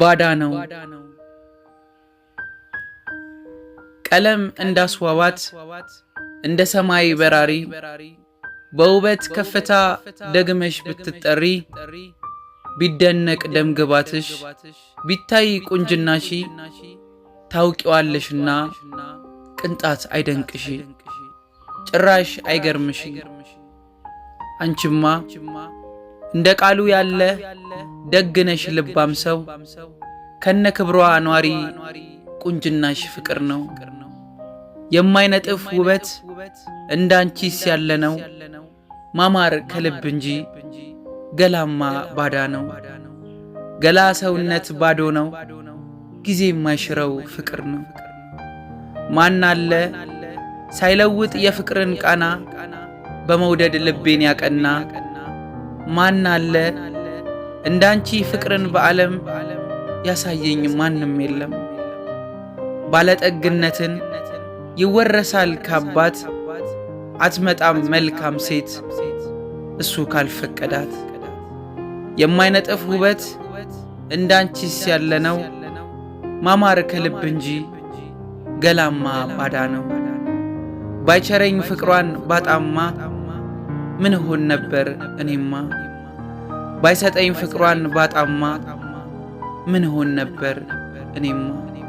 ባዳ ነው። ቀለም እንዳስዋባት እንደ ሰማይ በራሪ በውበት ከፍታ ደግመሽ ብትጠሪ ቢደነቅ ግባትሽ ቢታይ ቁንጅናሺ ታውቂዋለሽና ቅንጣት አይደንቅሽ ጭራሽ አይገርምሽ አንቺማ እንደ ቃሉ ያለ ደግነሽ ልባም ሰው ከነ ክብሯ ኗሪ ቁንጅናሽ ፍቅር ነው የማይነጥፍ ውበት እንዳንቺስ ያለ ነው ማማር ከልብ እንጂ ገላማ ባዳ ነው። ገላ ሰውነት ባዶ ነው ጊዜ የማይሽረው ፍቅር ነው። ማናለ ሳይለውጥ የፍቅርን ቃና በመውደድ ልቤን ያቀና ማናለ አለ እንዳንቺ ፍቅርን በዓለም ያሳየኝ ማንም የለም። ባለጠግነትን ይወረሳል ካባት አትመጣም መልካም ሴት እሱ ካልፈቀዳት። የማይነጥፍ ውበት እንዳንቺስ ነው ማማር ከልብ እንጂ ገላማ ባዳ ነው። ባይቸረኝ ፍቅሯን ባጣማ ምን ሆን ነበር እኔማ ባይሰጠኝ ፍቅሯን ባጣማ ምን ሆን ነበር እኔማ